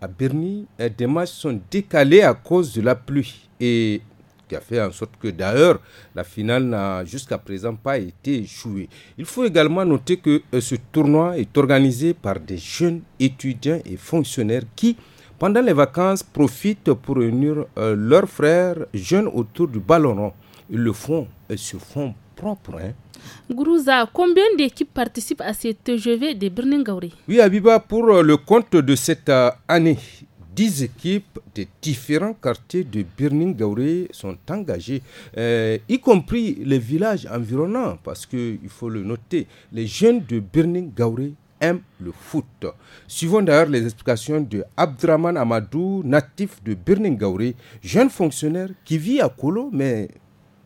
à Birni, des matchs sont décalés à cause de la pluie. Et qui a fait en sorte que d'ailleurs la finale n'a jusqu'à présent pas été jouée. Il faut également noter que euh, ce tournoi est organisé par des jeunes étudiants et fonctionnaires qui, pendant les vacances, profitent pour réunir euh, leurs frères jeunes autour du ballon rond. Ils le font et euh, se font propre. Hein. combien d'équipes participent à cette JV de Birning Oui, Abiba, pour euh, le compte de cette euh, année, 10 équipes des différents quartiers de Birning sont engagées, euh, y compris les villages environnants, parce qu'il faut le noter, les jeunes de Birning aiment le foot. Suivons d'ailleurs les explications de Abdraman Amadou, natif de Birning jeune fonctionnaire qui vit à Kolo, mais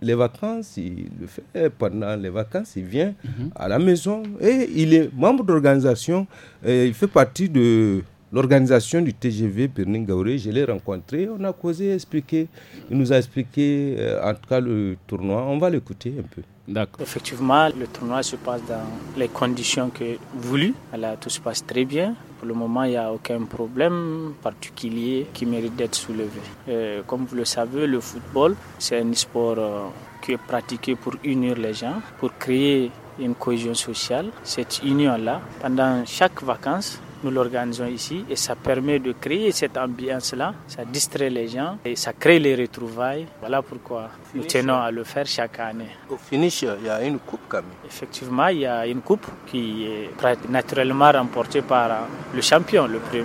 les vacances, il le fait pendant les vacances, il vient mhm. à la maison et il est membre d'organisation, il fait partie de l'organisation du TGV Pirning je l'ai rencontré, on a causé, expliqué. Il nous a expliqué, euh, en tout cas, le tournoi. On va l'écouter un peu. D'accord. Effectivement, le tournoi se passe dans les conditions que voulues. Alors tout se passe très bien. Pour le moment, il n'y a aucun problème particulier qui mérite d'être soulevé. Euh, comme vous le savez, le football, c'est un sport euh, qui est pratiqué pour unir les gens, pour créer une cohésion sociale. Cette union-là, pendant chaque vacances, nous l'organisons ici et ça permet de créer cette ambiance-là. Ça distrait les gens et ça crée les retrouvailles. Voilà pourquoi nous tenons euh, à le faire chaque année. Au finish, euh, il y a une coupe quand même. Effectivement, il y a une coupe qui est naturellement remportée par euh, le champion, le premier.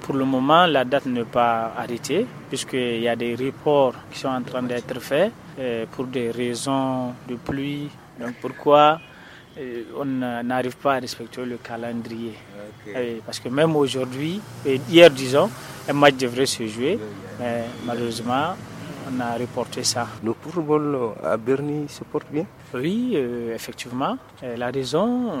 pour le moment, la date n'est pas arrêtée puisqu'il y a des reports qui sont en train d'être faits pour des raisons de pluie. Donc pourquoi euh, on euh, n'arrive pas à respecter le calendrier. Euh, parce que même aujourd'hui, hier disons, un match devrait se jouer, mais malheureusement, on a reporté ça. Le football à Bernie se porte bien Oui, effectivement. la raison,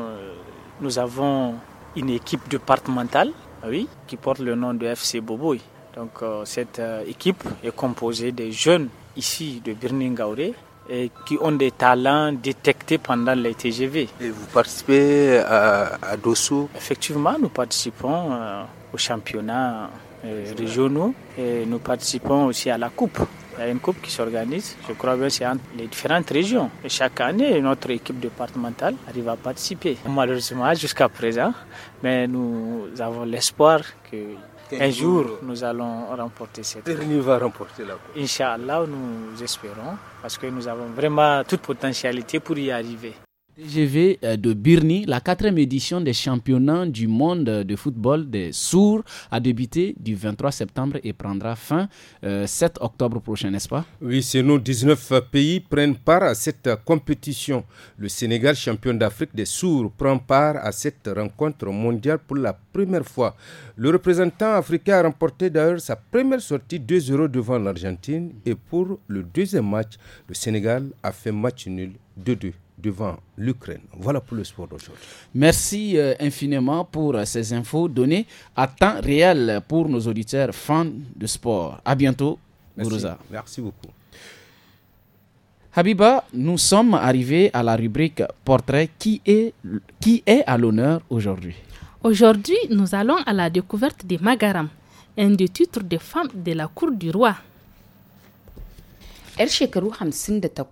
nous avons une équipe départementale ah oui, qui porte le nom de FC Boboy. Donc cette équipe est composée des jeunes ici de Birning Gauré et qui ont des talents détectés pendant les TGV. Et vous participez à, à Dosso Effectivement, nous participons au euh, aux championnats euh, régionaux et nous participons aussi à la Coupe. Il y a une coupe qui s'organise, je crois bien c'est entre les différentes régions. Et chaque année, notre équipe départementale arrive à participer. Malheureusement, jusqu'à présent, mais nous avons l'espoir que un jour, nous allons remporter cette Coupe. va remporter la Inch'Allah, nous espérons, parce que nous avons vraiment toute potentialité pour y arriver. TGV euh, de Birni, la quatrième édition des championnats du monde de football des sourds a débuté du 23 septembre et prendra fin 7 euh, octobre prochain, n'est-ce pas Oui, c'est nous. 19 pays prennent part à cette compétition. Le Sénégal, champion d'Afrique des sourds, prend part à cette rencontre mondiale pour la première fois. Le représentant africain a remporté d'ailleurs sa première sortie 2-0 devant l'Argentine et pour le deuxième match, le Sénégal a fait match nul 2-2 devant l'Ukraine. Voilà pour le sport d'aujourd'hui. Merci euh, infiniment pour euh, ces infos données à temps réel pour nos auditeurs fans de sport. À bientôt, Gourouza. Merci beaucoup. Habiba, nous sommes arrivés à la rubrique portrait qui est, qui est à l'honneur aujourd'hui. Aujourd'hui, nous allons à la découverte des Magaram, un des titres de femmes de la cour du roi. 'yar 58 a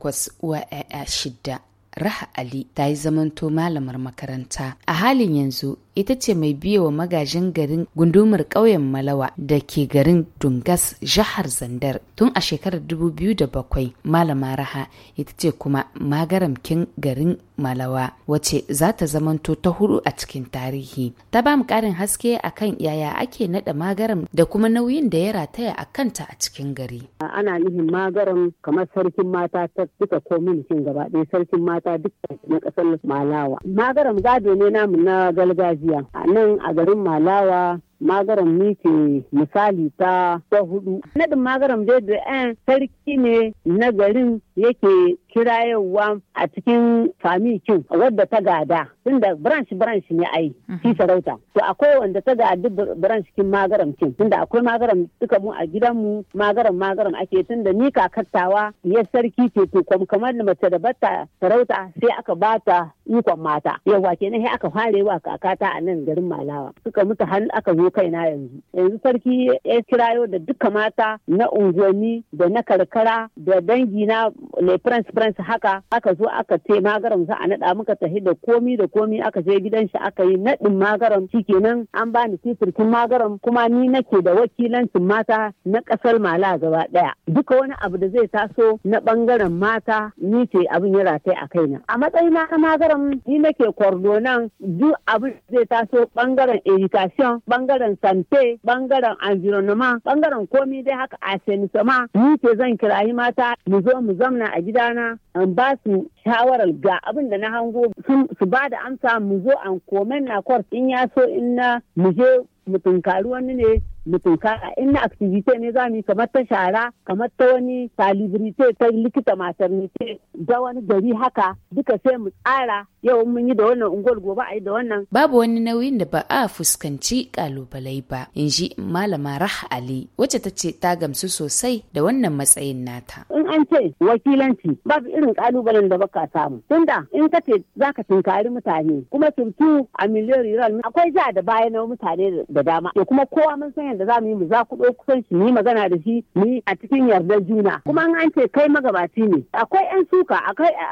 Raha Ali ta yi zamanto malamar makaranta. A halin yanzu ita ce mai biya wa magajin garin gundumar ƙauyen Malawa da ke garin Dungas jihar Zandar tun a shekarar 2007 Malama Raha ita ce kuma magaramkin garin Malawa wace za ta zamanto ta hudu a cikin tarihi. Ta ba mu ƙarin haske akan yaya ake nada magaram da kuma nauyin da ya rataya a kanta a cikin gari. Ana nihin magaram kamar sarkin mata ta duka komin gaba ɗaya sarkin mata duk na ƙasar Malawa. Magaram gado ne namu na gargajiya jiya a nan a garin malawa magaram ni ke misali ta ta hudu nadin magaram dai da yan sarki ne na garin yake kirayewa a cikin fami kin wadda ta gada tunda branch branch ne ai fi mhm. sarauta to akwai wanda ta gadi branch kin magaram kin tunda akwai magaram duka mu a mu magaram magaram ake tunda ni kakattawa ya sarki ce to kamar mace da bata sarauta sai aka bata ikon mata yawa kenan sai aka farewa kakata a nan garin malawa suka mutu har aka zo kaina yanzu yanzu sarki ya kirayo da duka mata na unguwanni da na karkara da dangi na le prince prince haka aka zo aka ce magaram za a naɗa muka tafi da komi da komi aka je gidan shi aka yi naɗin magaram shikenan an bani titirkin magaram kuma ni nake da wakilancin mata na kasar mala gaba ɗaya duka wani abu da zai taso na bangaren mata ni ce abin ya rataye a kaina a matsayin na magaram ni nake kordonan duk abin zai taso ɓangaren education bangaren sante bangaren environnement bangaren komi dai haka a sama ni ce zan kirayi mata mu zo mu zama zamna a gidana an ba su shawarar ga abin da na hango su ba da amsa mu zo an komen na court in ya so in na mu je mu tunkari wani ne mu tunkara in na activity ne zamu yi kamar ta shara kamar ta wani salibirite ta likita maternity da wani gari haka duka sai mu tsara yau mun yi da wannan unguwar gobe a yi da wannan. Babu wani nauyin da ba a fuskanci kalubalai ba, in ji Malama Rah Ali, wacce ta ce ta gamsu sosai da wannan matsayin nata. In an ce wakilanci babu irin kalubalen da baka samu. Tunda in ka ce za ka tunkari mutane kuma tuntu a miliyan riral akwai ja da baya na mutane da dama. To kuma kowa mun san yadda za mu yi mu za ku kusan shi mu yi magana da shi mu yi a cikin yardar juna. Kuma in an ce kai magabaci ne akwai 'yan suka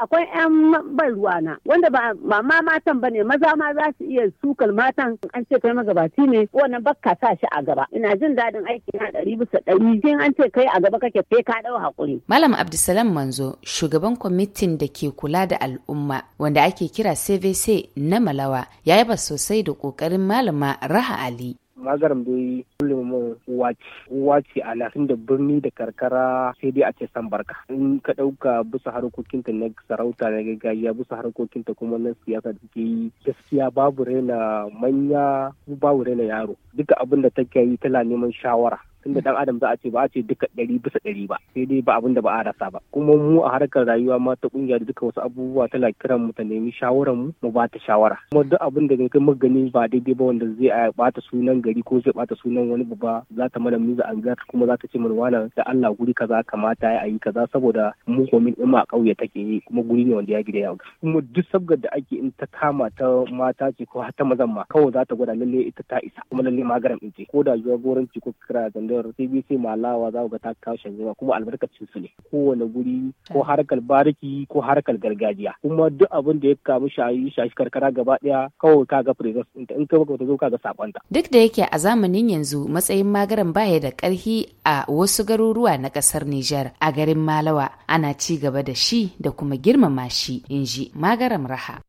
akwai 'yan ban ruwana wanda ba ba ma matan bane maza ma za su iya sukar matan an ce kai magabaci ne wannan bakka sa shi a gaba ina jin dadin aiki na ɗari bisa ɗari jin an ce kai a gaba kake fe ka ɗau hakuri. Malam Abdulsalam Manzo shugaban kwamitin da ke kula da al'umma wanda ake kira CVC na Malawa ya yi yaba sosai da ƙoƙarin malama Raha Ali magaram dai kullum mu uwa ce uwa ce a nan da birni da karkara sai dai a ce san barka in ka ɗauka bisa ta na sarauta na gargajiya bisa ta kuma na siyasa da ke yi gaskiya babu raina manya babu raina yaro duka abin da take yi tana neman shawara tunda dan adam za a ce ba a ce duka ɗari bisa ɗari ba sai dai ba abin da ba a rasa ba kuma mu a harkar rayuwa ma ta kungiya da duka wasu abubuwa tana kiran mu ta nemi shawaran mu mu ba ta shawara kuma duk abin da kai muka gani ba daidai ba wanda zai bata sunan gari ko zai bata sunan wani babba za ta mana miza an kuma za ta ce mana wannan da Allah guri kaza kamata ya yi kaza saboda mu komin ɗin ma ƙauye take yi kuma guri ne wanda ya gida ya kuma duk sabgar da ake in ta kama ta mata ce ko har ta mazan ma kawai za ta gwada lalle ita ta isa kuma lalle magaram in ce ko da goranci ko kira entrepreneur cbc malawa za ga ta kawo zuwa kuma albarkacin su ne kowane guri ko hmm. harkar bariki ko harkar gargajiya kuma duk abin da ya kamu shayi shashi karkara gaba daya kawai kaga presence in ka baka zo ga sabonta duk da yake a zamanin yanzu matsayin magaran baya da karhi a wasu garuruwa na kasar Nijar a garin Malawa ana ci gaba da shi da kuma girmama shi inji magaram raha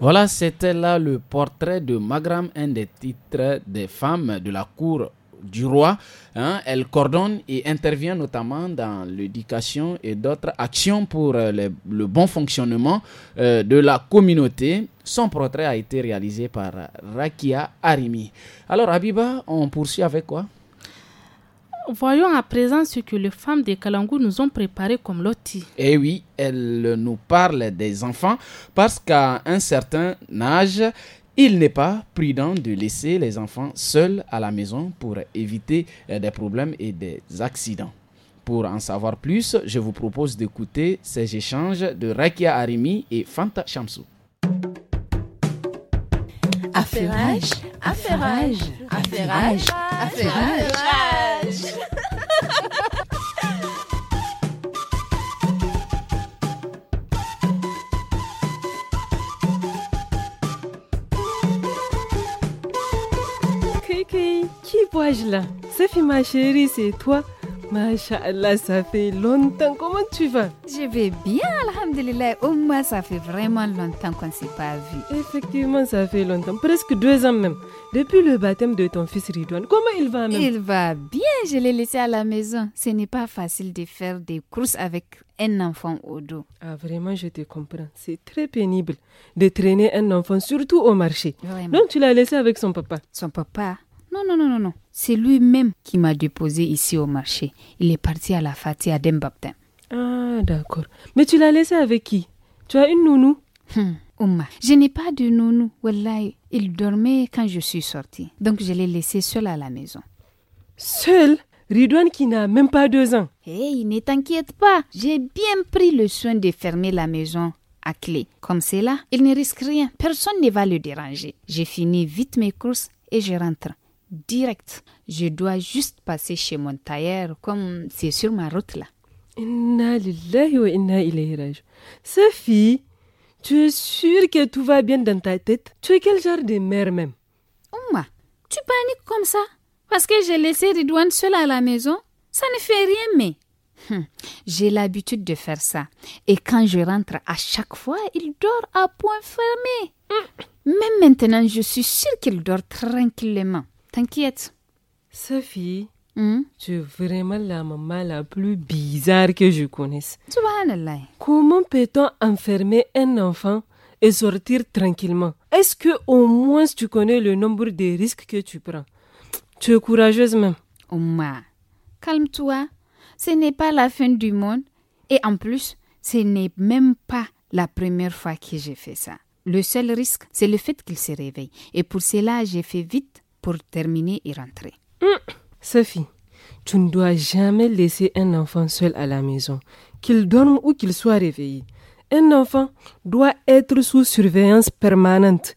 Voilà, c'était là le portrait de Magram, un des titres des femmes de la cour du roi. Hein, elle coordonne et intervient notamment dans l'éducation et d'autres actions pour euh, le, bon fonctionnement euh, de la communauté. Son portrait a été réalisé par euh, Rakia Arimi. Alors Abiba, on poursuit avec quoi Voyons à présent ce que les femmes de Kalangu nous ont préparé comme loti. Eh oui, elles nous parlent des enfants parce qu'à un certain âge, il n'est pas prudent de laisser les enfants seuls à la maison pour éviter euh, des problèmes et des accidents. Pour en savoir plus, je vous propose d'écouter ces échanges de Rakia Arimi et Fanta Shamsou. Affairage, affairage, affairage, affairage. page-là. Sophie, ma chérie, c'est toi. Masha'Allah, ça fait longtemps. Comment tu vas Je vais bien, Alhamdulillah. Au moins, ça fait vraiment longtemps qu'on ne s'est pas vu. Effectivement, ça fait longtemps. Presque deux ans même. Depuis le baptême de ton fils Ridouane, comment il va même Il va bien, je l'ai laissé à la maison. Ce n'est pas facile de faire des courses avec un enfant au dos. Ah, vraiment, je te comprends. C'est très pénible de traîner un enfant, surtout au marché. Donc, tu l'as laissé avec son papa Son papa non, non, non, non, non. C'est lui-même qui m'a déposé ici au marché. Il est parti à la fatigue à Dembaptin. Ah, d'accord. Mais tu l'as laissé avec qui Tu as une nounou hum, Ouma, je n'ai pas de nounou. Wallahi, il dormait quand je suis sortie. Donc je l'ai laissé seul à la maison. Seul Ridouane qui n'a même pas deux ans. Hé, ne t'inquiète pas. J'ai bien pris le soin de fermer la maison à clé. Comme c'est là, il ne risque rien. Personne ne va le déranger. J'ai fini vite mes courses et je rentre direct. Je dois juste passer chez mon tailleur comme c'est sur ma route là. Inna wa inna Sophie, tu es sûre que tout va bien dans ta tête Tu es quel genre de mère même tu paniques comme ça Parce que j'ai laissé Ridouane seul à la maison Ça ne fait rien, mais... Hum, j'ai l'habitude de faire ça. Et quand je rentre, à chaque fois, il dort à point fermé. Hum. Même maintenant, je suis sûre qu'il dort tranquillement. T'inquiète. Sophie, hmm? tu es vraiment la maman la plus bizarre que je connaisse. Subhanallah. Comment peut-on enfermer un enfant et sortir tranquillement Est-ce que au moins tu connais le nombre de risques que tu prends Tu es courageuse même. Oma, calme-toi. Ce n'est pas la fin du monde. Et en plus, ce n'est même pas la première fois que j'ai fait ça. Le seul risque, c'est le fait qu'il se réveille. Et pour cela, j'ai fait vite pour terminer et rentrer. Hum, Sophie, tu ne dois jamais laisser un enfant seul à la maison, qu'il dorme ou qu'il soit réveillé. Un enfant doit être sous surveillance permanente.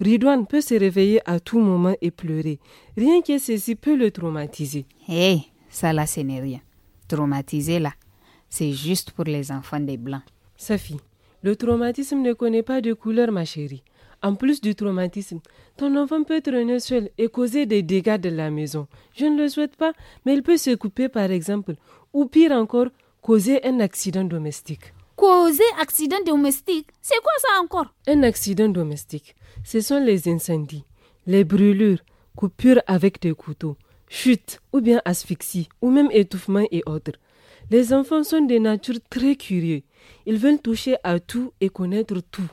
Ridouane peut se réveiller à tout moment et pleurer. Rien que ceci peut le traumatiser. Hé, ça là, ce n'est rien. Traumatiser là, c'est juste pour les enfants des Blancs. Sophie, le traumatisme ne connaît pas de couleur, ma chérie. En plus du traumatisme, ton enfant peut être né seul et causer des dégâts de la maison. Je ne le souhaite pas, mais il peut se couper par exemple, ou pire encore, causer un accident domestique. Causer accident domestique C'est quoi ça encore Un accident domestique, ce sont les incendies, les brûlures, coupures avec des couteaux, chutes ou bien asphyxie, ou même étouffement et autres. Les enfants sont de nature très curieux. Ils veulent toucher à tout et connaître tout.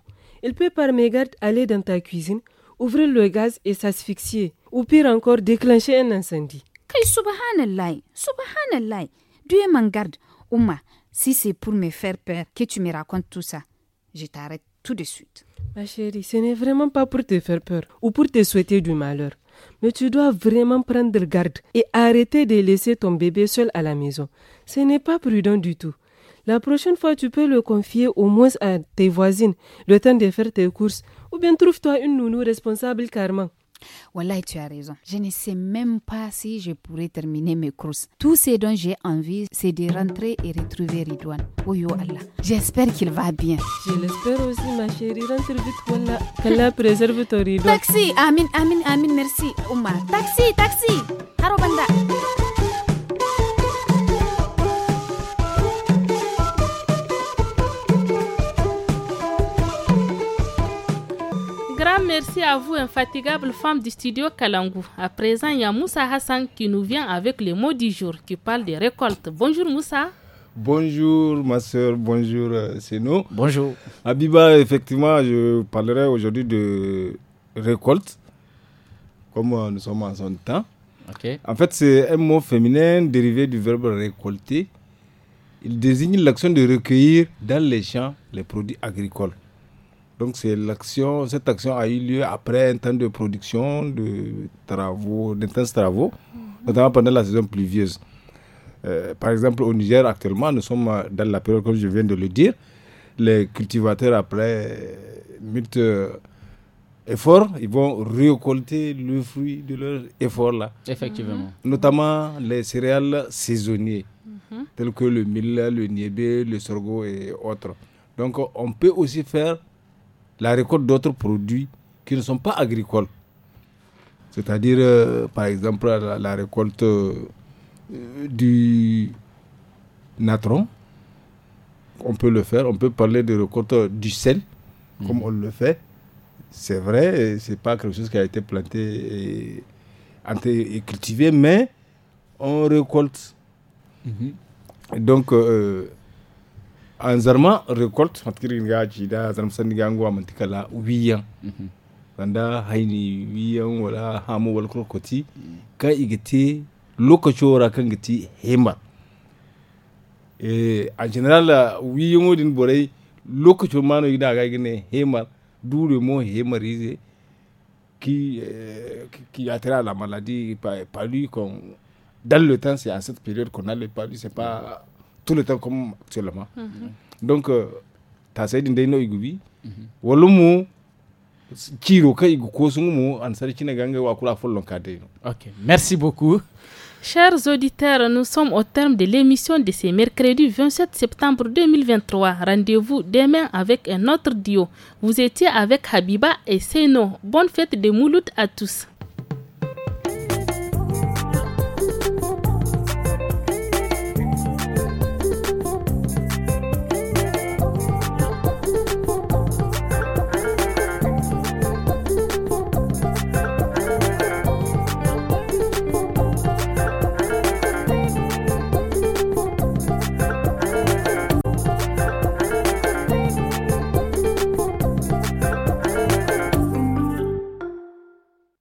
Il peut par mégarde aller dans ta cuisine, ouvrir le gaz et s'asphyxier, ou pire encore déclencher un incendie. subhanallah, subhanallah, Dieu m'en garde. Ouma, si c'est pour me faire peur que tu me racontes tout ça, je t'arrête tout de suite. Ma chérie, ce n'est vraiment pas pour te faire peur ou pour te souhaiter du malheur. Mais tu dois vraiment prendre garde et arrêter de laisser ton bébé seul à la maison. Ce n'est pas prudent du tout. La prochaine fois, tu peux le confier au moins à tes voisines, le temps de faire tes courses. Ou bien trouve-toi une nounou responsable Carmen. Voilà, tu as raison. Je ne sais même pas si je pourrais terminer mes courses. Tout ce dont j'ai envie, c'est de rentrer et retrouver Ridouane. Oh Allah. J'espère qu'il va bien. Je l'espère aussi, ma chérie. Rentre vite, Wallah. Qu'Allah préserve ton Ridouane. Taxi, Amin, Amin, Amin, merci, Oumar. Taxi, taxi. banda. merci à vous, infatigable femme du studio Kalangu. À présent, il y a Moussa Hassan qui nous vient avec les mots du jour, qui parle des récoltes. Bonjour Moussa. Bonjour ma soeur, bonjour euh, nous. Bonjour. Abiba, effectivement, je parlerai aujourd'hui de récolte, comme euh, nous sommes en son temps. Ok. En fait, c'est un mot féminin dérivé du verbe récolter. Il désigne l'action de recueillir dans les champs les produits agricoles. Donc c'est l'action, cette action a eu lieu après un temps de production, de travaux, d'intenses travaux, notamment pendant la saison pluvieuse. Euh, par exemple, au Niger, actuellement, nous sommes dans la période, comme je viens de le dire, les cultivateurs, après multiples euh, efforts, ils vont récolter le fruit de leur effort là. Effectivement. Mhm. Notamment les céréales saisonnières, mhm. telles que le mil, le niébé, le sorgho et autres. Donc on peut aussi faire la récolte d'autres produits qui ne sont pas agricoles. C'est-à-dire, euh, par exemple, la, récolte euh, du natron, on peut le faire. On peut parler de récolte du sel, comme mhm. on le fait. C'est vrai, c'est pas quelque chose qui a été planté et, cultivé, mais on récolte. Mhm. Donc, euh, an zarma recolt matkirin ga ci da zarma sandi ga ngwa mantikala wiyan mhm. wanda haini wiyan wala hamu wal kurkoti ka igite lokaci wara kan giti hema eh a general wiyan odin borai lokaci mano no ida ga gine hema dure mo hema rize qui qui e, la maladie par, par lui qu'on dans le temps c'est à cette période qu'on a le palu c'est pas mhm tout le temps comme actuellement. Mhm. Mhm. Donc, euh, mhm. OK, merci beaucoup. Chers auditeurs, nous sommes au terme de l'émission de ce mercredi 27 septembre 2023. Rendez-vous demain avec un autre duo. Vous étiez avec Habiba et Seno. Bonne fête de Mouloud à tous.